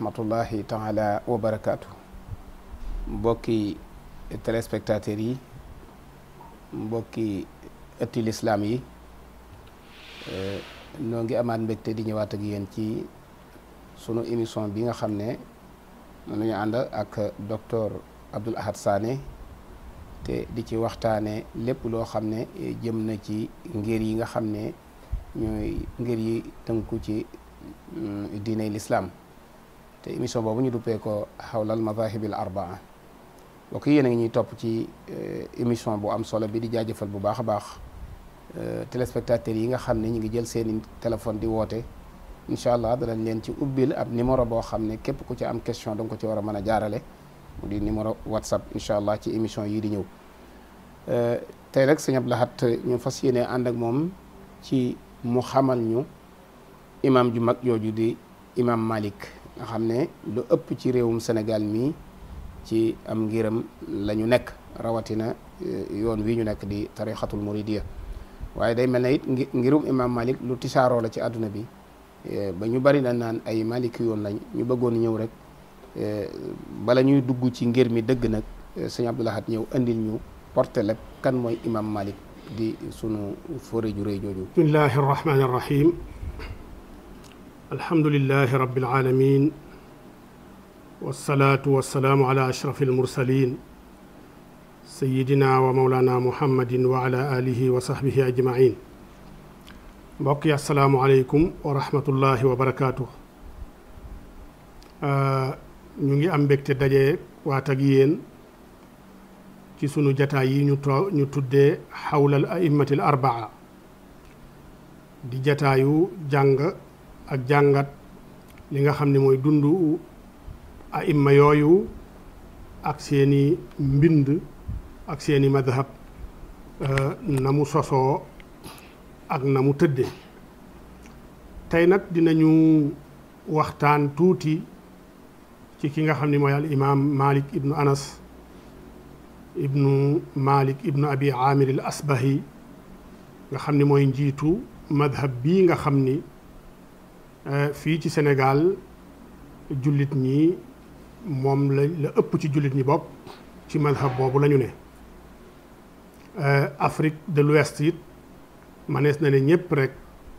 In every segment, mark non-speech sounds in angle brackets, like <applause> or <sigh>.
rahmatullahi taala wa barakaatu mbokki téléspectateurs yi mbokki ëtti lislaam yi eh, noo ngi amaat mbégte di ñëwaat ak yéen ci sunu émission bi nga xam ne nu ñu ànd ak docteur Abdoul Ahad Sané te di ci waxtaane lépp loo xam ne jëm na ci ngir yi nga xam ne ñooy ngir yi tënku ci mm, diiney lislaam te émission boobu ñu duppee ko xawlal madahibil arbaa bokk yéen a ngi ñuy topp ci eh, émission bu am solo bi di jaajëfal bu baax a baax eh, téléspectateurs yi nga xam ne ñu ngi jël seeni téléphone di woote incha allah danañ leen ci ubbil ab numéro boo xam ne képp ku ci am question danga ko ci war a mën a jaarale mu di numéro whatsapp incha allah ci émission yii di ñëw eh, te rek sëñ Abdou Lahat ñu fas yéene ànd ak moom ci mu xamal ñu imam ju mag jooju di imam Malik nga xam ne lu ëpp ci réewum senegal mii ci am ngiram la ñu nekk rawatina euh, yoon wi ñu nekk di tarixatul muridiya waaye day mel ne ngir ngirum imam malik lu tisaaroo la ci àdduna bi euh, ba ñu bari dañ naan ay maliki yoon lañ ñu bëggoon ñëw rek euh, bala ñuy dugg ci ngir mi dëgg nag sëñ Abdou ñëw andil ñu porté lépp kan mooy imam malik di sunu fóore ju rëy bismillahi rahmaani rahim alhamdulilahi rabbil aalamiin wasalaatu wasalaamu ala ashraf almursalin sayidina wa mawlana muhammadin wa ala alihi wa sahbihi ajmain mbokk yi asalaamu wa rahmatullahi wa barakaatu ah, ñu ngi am mbégte daje waat ak ci sunu jataay yi ñu too tuddee xawla al aimati di jataayu jàng ak jàngat li nga xam ni mooy dundu aimma yooyu ak seeni mbind ak seeni madhab euh, na mu sosoo ak na mu tëdde tey nag dinañu waxtaan tuuti ci ki nga xam ne mooy al imam malik ibnu anas ibnu malik ibnu abi amir al asbahi nga xam ni mooy njiitu madhab bii nga xam ni Euh, fii ci senegaal jullit ñi moom la la ëpp ci jullit ñi bopp ci madhab boobu lañu ne euh, Afrique de l'Ouest it manees na ne ñëpp rek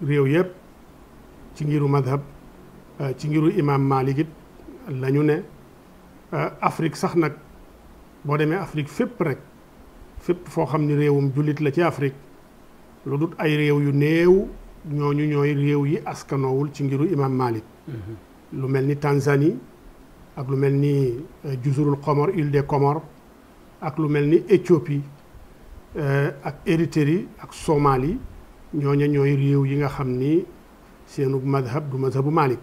réew yëpp ci ngiru madhab euh, ci ngiru imam Malik it la ñu ne Afrique sax nag boo demee Afrique fépp rek fépp foo xam ni réewum jullit la ci Afrique lu dut ay réew yu néew ñooñu ñooy réew yi askanoowul ci ngiru imam Malik mm-hmm. lu mel ni Tanzanie ak lu mel ni euh, Juzurul Comor île des Comores ak lu mel ni Éthiopie euh, ak Érythrée ak Somalie ñooña ñooy réew yi nga xam ni seenu madhab du madhabu Malik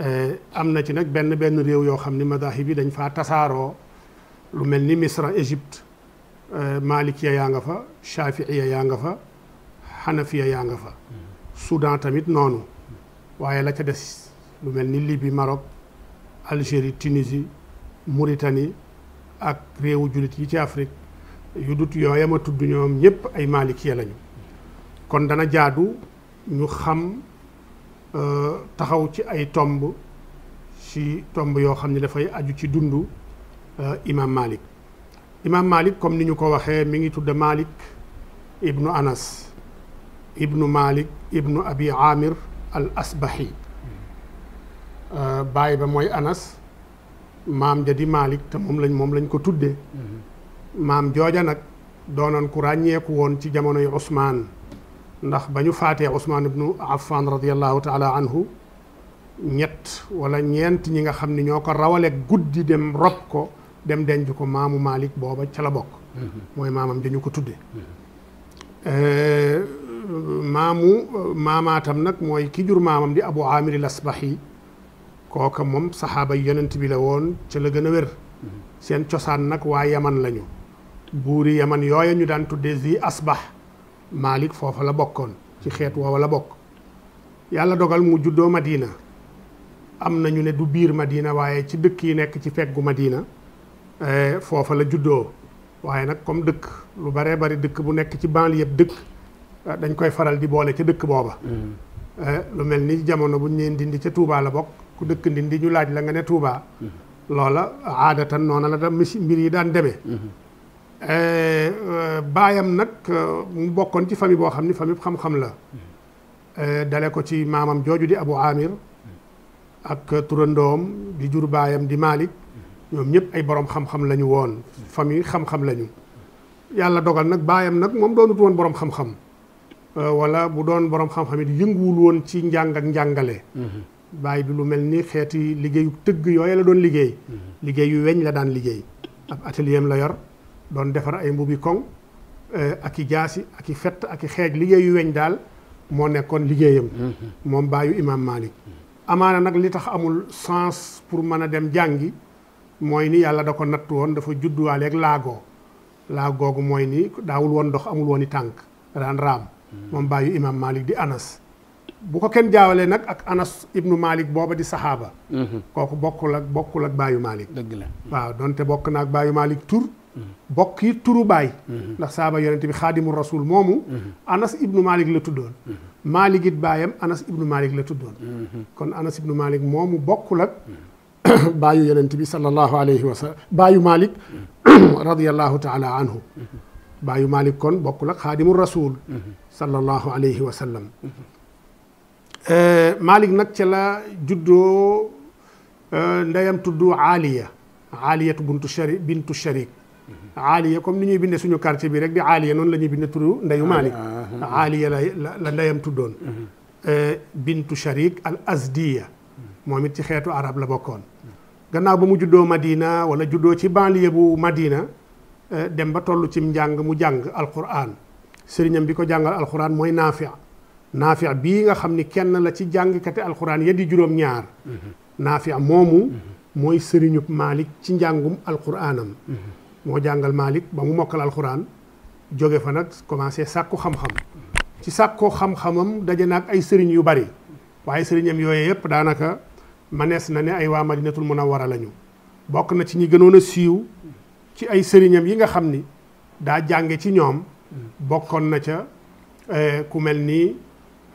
euh, am na ci nag benn benn réew yoo xam ni madahib yi dañ faa tasaaroo lu mel ni Misra Égypte malikiya yaa nga fa chafiiya yaa nga fa xanafiya yaa nga fa Soudan tamit noonu waaye la ca des lu mel ni Libye marok Algérie Tunisie Mauritanie ak réewu jullit yi ci Afrique yu dut yooya ma tudd ñoom ñépp ay malikiya lañu kon dana jaadu ñu xam euh, taxaw ci ay tomb ci tomb yoo xam ne dafay aju ci dundu euh, imaam Malik imaam Malik comme ni ñu ko waxee mi ngi tudd Malik ibnu Anas ibnu malik ibnu abi amir al asbahi euh, baay ba mooy anas maam ja di malik te moom lañ moom lañ ko tuddee maam jooja nag doonoon ku ràññeeku woon ci jamonoy Ousmane ndax ba ñu faatee Ousmane ibnu Affan radiallahu taala anhu ñett wala ñeent ñi nga xam ni ñoo ko rawale guddi dem rob ko dem denc ko maamu Malik booba ca la bokk mm-hmm. mooy maamam dañu ko tudde mm-hmm. euh, maamu maamaatam nag mooy ki jur maamam di abu amir al yi kooka moom saxaaba yonent bi la woon ca la gën a wér seen cosaan nag waa yaman lañu buuri yaman yooya ñu daan tuddee zi asbah Malik foofa la bokkoon ci xeet woowa la bokk yàlla dogal mu juddoo Madina am na ñu ne du biir Madina waaye ci dëkk yi nekk ci feggu peggu Madina eh, foofa la juddoo waaye nag comme dëkk lu baree bari dëkk bu nekk ci banlieue yëpp dëkk Ah, dañ koy faral di boole ca dëkk booba mm. eh, lu mel ni jamono buñ nee ndindi ca Touba la bokk ku dëkk ndindi ñu laaj la nga ne Touba mm. loola aadatan noona la da mbir yi daan demee mm-hmm. eh, baayam nag eh, mu bokkoon ci famille boo xam ni famille xam-xam la mm. dale ko ci maamam jooju di Abu Amir ak turandoom di jur baayam di ñoom ñëpp ay borom xam-xam woon famille xam-xam la yàlla dogal nag baayam nag moom doonut woon borom xam-xam Euh, wala bu doon borom xam-xam it yënguwul woon ci njàng ak njàngale. Mhm. bàyyi bi lu mel ni xeeti liggéeyu tëgg yooyu la doon liggéey. Mhm. liggéey yu weñ la daan liggéey. ab atelier am la yor doon defar ay mbubi koŋ euh, ak i jaasi ak i fett ak i xeej liggéey yu weñ daal moo nekkoon liggéeyam. Mhm. moom bàyyu imaam Malik. amaana nag li tax amul sens pour mën a dem jàngi mooy ni yàlla da ko natt woon dafa judduwaaleek laago laagoo laagoogu mooy ni daawul woon dox amul woon i tànk moom bàyyi imam Malik di Anas. bu ko kenn jaawalee nag ak Anas ibnu Malik booba di saxaaba. Mhm. kooku bokkul ak bokkul ak baayu Malik. dëgg la waaw donte bokk na ak baayu Malik tur. Mhm. bokk yi turu baay. Mhm. ndax saaba yonent bi xaadimu rasul moomu. Anas ibnu Malik la tuddoon. Malik it baayam Anas ibnu Malik la tuddoon. kon Anas ibnu Malik moomu bokkul ak. <coughs> baayu yonent bi sallallahu alayhi wa sallam baayu Malik. <coughs> taala anhu. baayu Malick kon bokkul la xaadimu rasul. sallallahu alayhi wa sallam. Eh, nag ca la juddoo eh, ndeyam tudd Aliya Aliyatu buntu Shari bintu Sharik. Aliya comme ni ñuy bindee suñu quartier bi rek di Aliya noonu la ñuy bindee tudd ndeyu Malick. Aliya la la ndeyam tuddoon. Eh, bintu Sharik al Azdiya. moom it ci xeetu arab la bokkoon. gannaaw ba mu juddoo Madina wala juddoo ci banlieue bu Madina. Euh, dem ba toll ci njàng mu jàng alquran sëriñam bi ko jàngal alxuraan mooy naafia naafia bii nga xam ni kenn la ci jàngkati alxuraan ya di juróom-ñaar mm-hmm. naafia moomu mm-hmm. mooy sëriñu Malick ci njàngum alquranam mm-hmm. moo jàngal Malick ba mu mokkal alxuraan jóge fa nag commencé sàkku xam-xam ci sàkkoo xam-xamam daje naag ay sëriñ yu bari waaye sëriñam yooyu yëpp daanaka manees na ne ay waa madinatul munawwara lañu bokk na ci ñi gënoon a siiw ci ay sëriñam yi nga xam ni daa jànge ci ñoom bokkoon na ca eh, ku mel ni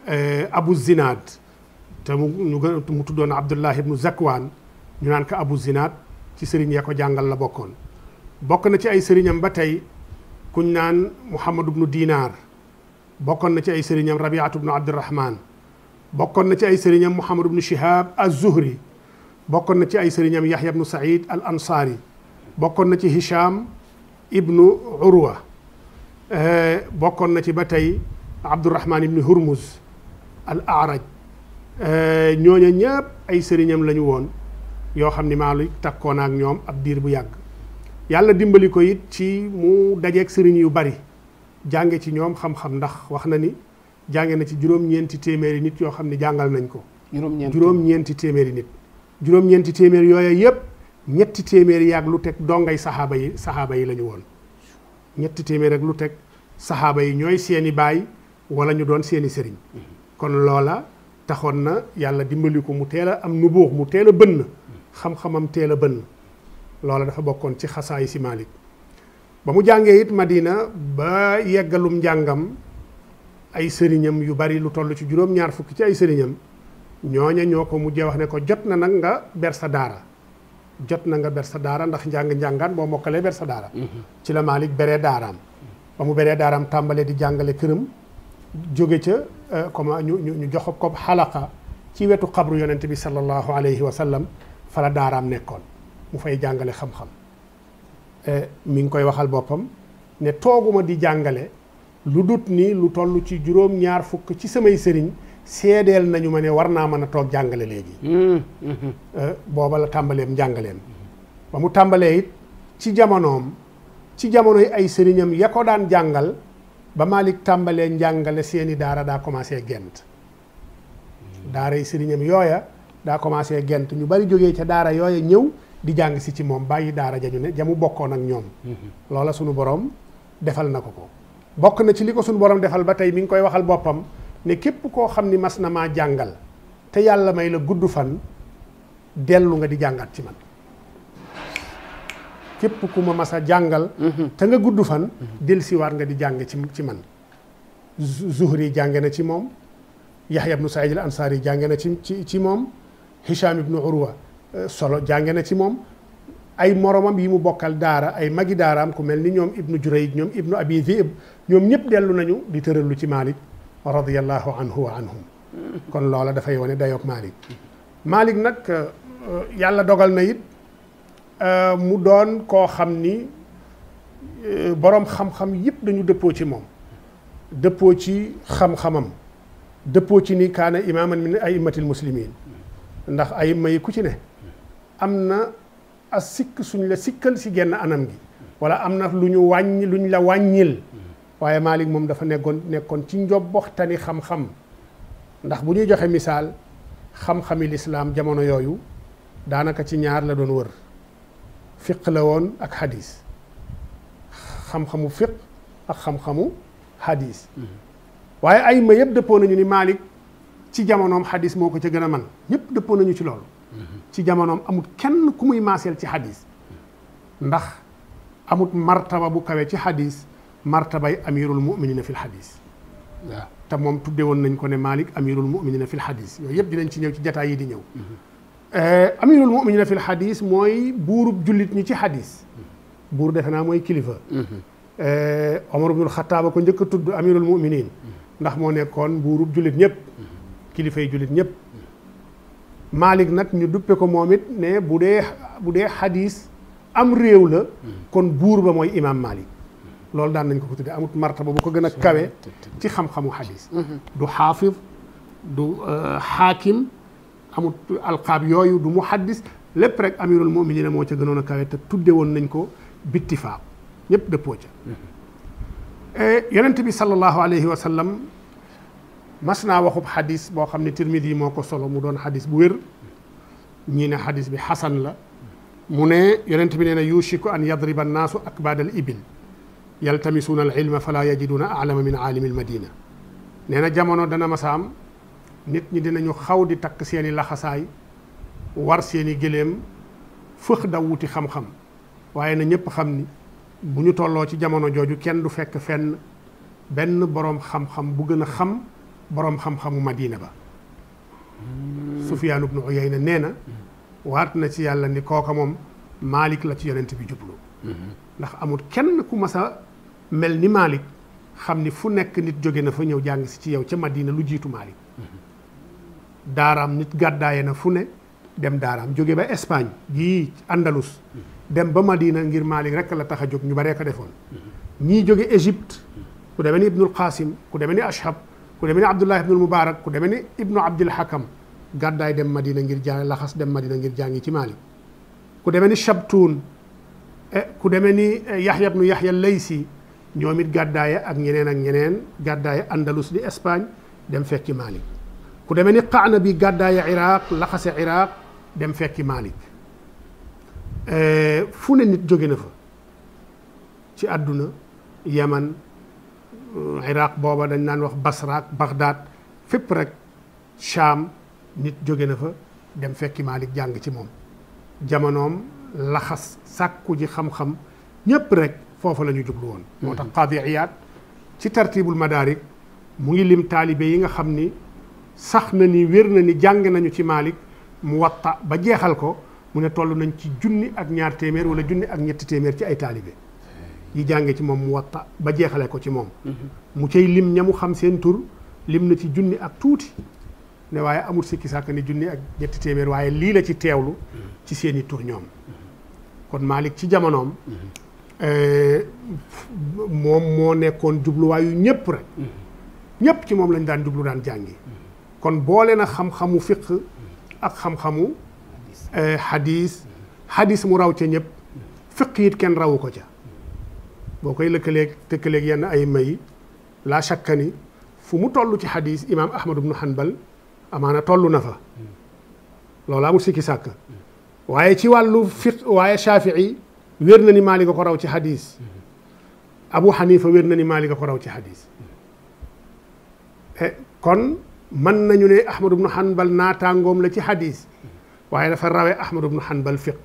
eh, Abu Zinaad te mu ñu gën mu tuddoon Abdullah ibnu Zakwaan ñu naan ko Abu Zinaad ci sëriñ ya ko jàngal la bokkoon bokk na ci ay sëriñam ba tey kuñ naan Muhammad ibnu Dinaar bokkoon na ci ay sëriñam Rabiatu ibnu Abdurahman bokkoon na ci ay sëriñam Muhammad ibnu Shihab az-Zuhri bokkoon na ci ay sëriñam Yahya ibnu Saïd al Ansaari bokkoon na ci Hisham ibnu Urwa eh, bokkoon na ci ba tey Abdurahman ibnu Hurmuz al Araj eh, ñooña ñëpp ay sëriñam la ñu woon yoo xam ni Maalik takkoon ak ñoom ab diir bu yàgg yàlla dimbali ko it ci mu dajeeg sëriñ yu bari jànge ci ñoom xam-xam ndax wax na ni jànge na ci juróom-ñeenti téeméeri nit yoo xam ni jàngal nañ ko. juróom-ñeenti téeméeri nit. juróom-ñeenti téeméeri yooya yëpp. ñetti téeméeri yaag lu teg dongay saxaaba yi saxaaba yi lañu woon ñetti téeméer ak lu teg saxaaba yi ñooy seeni baay walla ñu doon seeni sëriñ kon loola taxoon na yàlla dimbali ko mu teel a am nu buux mu teel a bënn xam-xamam teel a bënn loola dafa bokkoon ci xasaayi si Malik ba mu jàngee it Madina ba yeggalum njàngam ay sëriñam yu bari lu toll ci juróom-ñaar fukki ci ay sëriñam ñooña ñoo ko mujjee wax ne ko jot na nag nga ber sa daara jot na nga ber sa daara ndax njàng njàngaan boo mokkalee ber sa daara ci la Malick beree daaraam ba mu beree daaraam tàmbalee di jàngale këram jóge ca euh, comment ñu ñu jox ko xalaqa ci wetu xabru yonent bi sallallahu alayhi wa sallam fala daaraam nekkoon mu fay jàngale xam-xam euh, mi ngi koy waxal boppam ne tooguma di jàngale lu dut ni lu toll ci juróom ñaar fukk ci samay sëriñ seedeel nañu ma ne war naa mën a toog jàngale léegi hmm. euh, booba la tàmbaleem njàngaleem ba mu tàmbalee it ci jamonoom ci jamono yi ay sëriñam ya ko daan jàngal ba Malick tàmbalee njàngale seeni daara daa commencé gent daara yi sëriñam yooya daa commencé gent ñu bari jógee ca daara yooya ñëw di jàng si ci moom bàyyi daara ja ñu ne ja mu bokkoon ak ñoom hmm. loola sunu borom defal na ko ko bokk na ci li ko sunu borom defal ba tey mi ngi koy waxal boppam ne képp koo xam ni mas na maa jàngal te yàlla may la gudd fan dellu nga di jàngat ci man képp ku ma mas a jàngal mhm. te nga gudd fan dellusiwaat nga di jànge ci ci man Zuhri jànge na ci moom Yahya ibnu Saïd al Ansari jànge na ci ci ci moom Hisham ibnu Urwa euh, solo jànge na ci moom ay moromam yi mu bokkal daara ay magi daaraam ku mel ni ñoom ibnu Jurayj ñoom ibnu Abi ñoom ñëpp dellu nañu di tëralu ci Maalik radiyallahu anhu wa anhum kon loola dafay wane dayoog Malick Malick nag euh, euh, yàlla dogal na it euh, mu doon koo xam ni boroom xam yëpp dañu dëppoo ci moom dëppoo ci xam dëppoo ci ni kaana imaaman min aimmatil muslimin ndax ay may ku ci ne am na as sikk suñ la sikkal si genn anam gi wala am na lu ñu wàññi luñ la wàññil waaye Malick moom dafa nekkoon nekkoon ci njobboxtani xam-xam ndax bu ñuy joxe misaal xam-xami lislaam jamono yooyu daanaka ci ñaar la doon wër fiq la woon ak xadiis xam-xamu fiq ak xam-xamu hadis waaye ay ma yëpp dëppoo nañu ni maalik ci jamonoom xadiis moo ko ca gën a man ñëpp dëppoo nañu ci loolu ci jamonoom amut kenn ku muy maaseel ci hadis ndax amut martaba bu kawe ci xadiis martabay amirul muminina fil xadis waaw te moom tudde woon nañ ko ne Malik amirul muminina fil xadis yooyu yëpp dinañ ci ñëw ci jataay yi di ñëw mhm. eh, amirul muminina fil xadis mooy buurub jullit ñi ci xadiis mhm. buur defe naa mooy kilifa mhm. eh, Omar ibnul Xataab ko njëkk a tudd amirul muminin ndax moo nekkoon buurub jullit ñëpp kilifa yi jullit ñëpp Malik nag ñu duppe ko moom it ne bu dee bu dee xadiis am réew la kon buur ba mooy imam Malik loolu daan nañ ko ko tuddee amut martaba bu ko gën a kawe ci xam-xamu xadis du xaafid du euh, xaakim amut alqaab yooyu du muhaddis lépp rek amirul muminina moo ca gënoon a kawe te tudde woon nañ ko bittifaaq ñëpp dëppoo ca e, yonent bi sallallahu alayhi wa sallam mas naa waxub xadiis boo xam ne tirmidi yi moo ko solo mu doon xadis bu wér ñii ne xadis bi xasan la mu ne yonent bi nee na yuushiku an yadriba annaasu akbaadal ibil yaltamisuuna al ilma fala yajiduuna alama min aalimi al madina nee na jamono dana masa am nit ñi dinañu xaw di takk seeni laxasaay war seeni géléem fëx daw wuti xam-xam waaye na ñëpp xam ni bu ñu tolloo ci jamono jooju kenn du fekk fenn benn boroom xam-xam bu gën a xam boroom xam-xamu madina ba Sufyaan ibnu Uyayna nee na waat na ci yàlla ni kooka moom Maalik la ci yonent bi jublu mm-hmm. ndax amul kenn ku mas mel ni maalik xam ni fu nekk nit jóge na fa ñëw jàng si ci yow ca Madina lu jiitu Malick mhm. daaraam nit gàddaaye na fu ne dem daaraam jóge ba Espagne gi Andalus mhm. dem ba Madina ngir Malick rek la tax a jóg ñu baree ko defoon mhm. ñii jóge Égypte ku demee ni Ibnul Qasim ku demee ni Ashhab ku demee ni Abdullah Ibnul Mubarak ku demee ni Ibnu Abdil Hakam gàddaay dem Madina ngir jàng laxas dem Madina ngir jàngi ci Malick ku demee ni Shabtun eh, ku demee ni eh, Yahya ibnu Yahya Laysi ñoom it gàddaaye ak ñeneen ak ñeneen gàddaaye andalus di Espagne dem fekki Malik ku demee ni qaana bi gàddaaye Iraq laxase Iraq dem fekki Malik euh, fu ne nit jóge na fa ci àdduna Yaman euh, Iraq booba dañ naan wax Basra ak Baghdad fépp rek Sham nit jóge na fa dem fekki Malik jàng ci moom jamonoom laxas sàkku ji xam-xam ñépp rek foofa la ñu jublu woon moo tax qaadi iyaad ci tartibul madaarik mu ngi lim taalibe yi nga xam ni sax na ni wér na ni jàng nañu ci Maalik mu watta ba jeexal ko mu ne toll nañ ci junni ak ñaar téeméer wala junni ak ñetti téeméer ci ay taalibe yi jànge ci moom mu watta ba jeexale ko ci moom mm-hmm. mu cay lim ñamu xam seen tur lim na ci junni ak tuuti ne waaye amul sikki sàkk ni junni ak ñetti téeméer waaye lii la ci teewlu mm-hmm. ci seeni tur ñoom mm-hmm. kon Maalik ci jamonoom Euh, moom moo nekkoon jubluwaayu ñëpp rek mm-hmm. ñëpp ci moom lañ daan jublu daan jàngi mm-hmm. kon boole na xam-xamu fiq mm-hmm. ak xam-xamu hadis euh, hadis mu raw ca ñëpp fiq it kenn rawu ko ca boo koy lëkkaleeg tëkkaleeg yenn ay may laa shakka ni fu mu toll ci hadis imaam Ahmad ibnu Hanbal amaana tollu na fa loolu amul sikki sàkk waaye ci wàllu fiq waaye Shafii wér na ni Maalik ko raw ci hadis Abu Hanifa wér na ni Maalik ko raw ci hadis eh, kon mën nañu ne Ahmad ibnu Hanbal naataangoom la ci hadis waaye dafa rawee Ahmad ibnu Hanbal fiq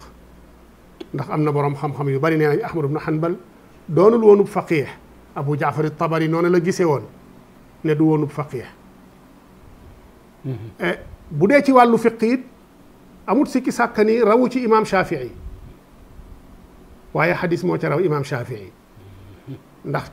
ndax am na boroom xam-xam yu bari nee nañ Ahmad ibnu Hanbal doonul woonub faqih Abu Jaafar Tabari noonu la gisee woon ne du woonub faqih mm-hmm. eh, bu dee ci wàllu fiq it amut sikki sàkka ni rawu ci imaam Shafii waaye xadis moo ca raw imaam Shafii ndax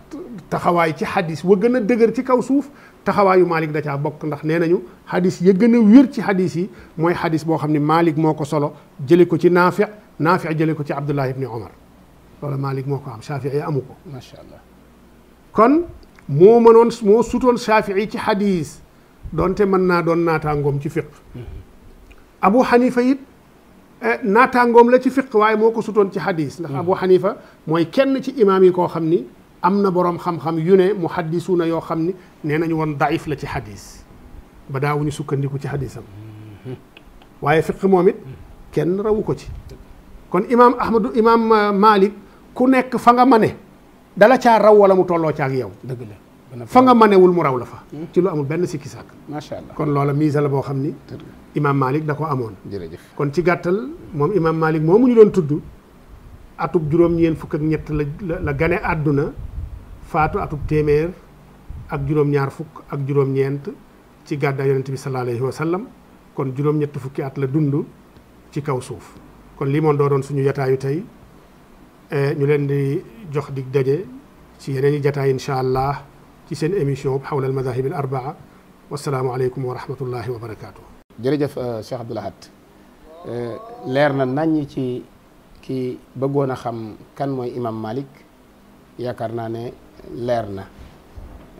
taxawaay ci xadis wa gën a dëgër ci kaw suuf taxawaayu Malik da caa bokk ndax nee nañu xadis ya gën a wér ci xadis yi mooy xadis boo xam ne Malik moo ko solo jële ko ci Naafi Naafi jële ko ci Abdullah ibni Omar loolu Malik moo ko am Shafii amu ko macha allah kon moo mënoon moo sutoon Shafii ci xadis donte mën naa doon naataangoom ci fiq mm-hmm. Abu Xanifa it Eh, naataangoom la ci fiq waaye moo ko sutoon ci hadis ndax hmm. Abu Hanifa mooy kenn ci imaam yi koo xam ni am na boroom xam-xam yu ne mu haddisuuna yoo xam ni nee nañu woon daif la ci hadis ba daawuñu sukkandiku ci hadisam hmm. waaye fiq moom it hmm. kenn rawu ko ci kon imaam Ahmadu imaam uh, Malik ku nekk fa nga mane dala caa raw wala mu tolloo caag yow dëgg la fa nga manewul mu raw la fa ci lu amul benn sikki sàkk macha allah kon loola miisa la boo xam ni imaam Malik da ko amoon. jërëjëf kon ci gàttal moom imaam moo mu ñu doon tudd atub juróom-ñeent fukk ak ñett la la gane àdduna faatu atub téeméer ak juróom-ñaar fukk ak juróom-ñeent ci gàddaay yonent bi sallallahu kon juróom-ñett fukki at la dund ci kaw suuf kon lii moom doo doon suñu jataayu tey eh, ñu leen di jox di daje ci yeneen i jataay incha allah ci seen émission bu xawla al madahib al arbaa wasalaamu aleykum wa wa barakaatu. jërëjëf euh, Cheikh Abdoul Ahad euh, leer na naññ ci ki bëggoon a xam kan mooy imam Malik yaakaar naa ne leer na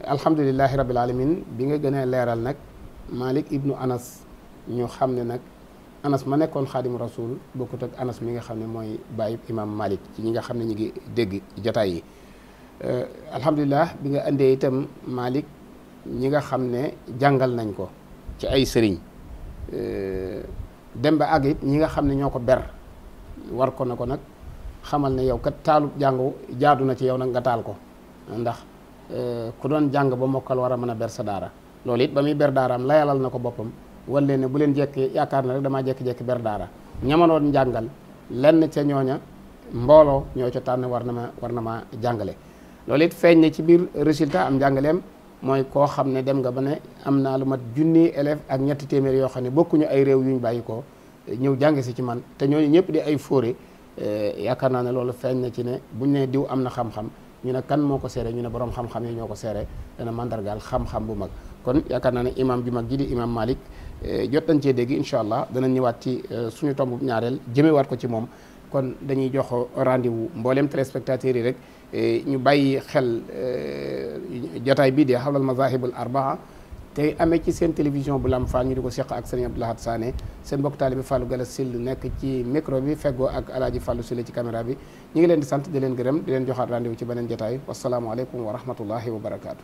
alhamdulilahi rabbil alamin bi nga gën a leeral nag Malik ibnu Anas ñu xam ne nag Anas ma nekkoon xaadim rasul bokkut ak Anas mi nga xam ne mooy bàyyib imam Malik ci ñi nga xam ne ñu ngi dégg jataay yi euh, alhamdulilah bi nga indee itam Malik ñi nga xam ne jàngal nañ ko ci ay sëriñ dem ba àgg ñi nga xam ne ñoo ko ber war ko na ko nag xamal ne yow kat taalub jàngu jaadu na ci yow nag nga taal ko ndax ku doon jàng ba mokkal war a mën a ber sa daara loolu it ba muy ber daaraam layalal na ko boppam wala ne bu leen jekki yaakaar na rek damaa jekki-jekki ber daara ñama doon jàngal lenn ca ñooña mbooloo ñoo ca tànn war na ma war na ma jàngale loolu it feeñ ne ci biir résultat am jàngaleem mooy koo xam ne dem nga ba ne am naa lu mat junni élève ak ñetti téeméer yoo xam ne bokkuñu ay réew yu ñu bàyyi ko ñëw jàng si ci man te ñooñu ñëpp di ay fóore eh, yaakaar naa ne loolu feeñ na ci ne bu ñu ne diw am na xam-xam ñu ne kan moo ko seere ñu ne borom xam-xam yi ñoo ko seere dana mandargaal xam-xam bu mag kon yaakaar naa ne imam ju mag ji di imam Malik eh, jot nañ cee dégg incha allah dana ñëwaat ci eh, suñu tomb ñaareel waat ko ci moom kon dañuy jox rendez-vous mbooleem téléspectateurs yi rek Eh, ñu bàyyi xel eh, jotaay bii di xawlal mazahibul arbaa te amee ci seen télévision bu lam Fall ñu di ko seq ak sëriñ Abdou Lahad Sané seen mbokk taalibe Fallou Galass Sill nekk ci micro bi feggoo ak alaaji Fallou Sill ci caméra bi ñu ngi leen di sant di leen gërëm di leen joxaat rendez-vous ci beneen jotaay wasalaamualeykum wa rahmatullahi wa barakaatu.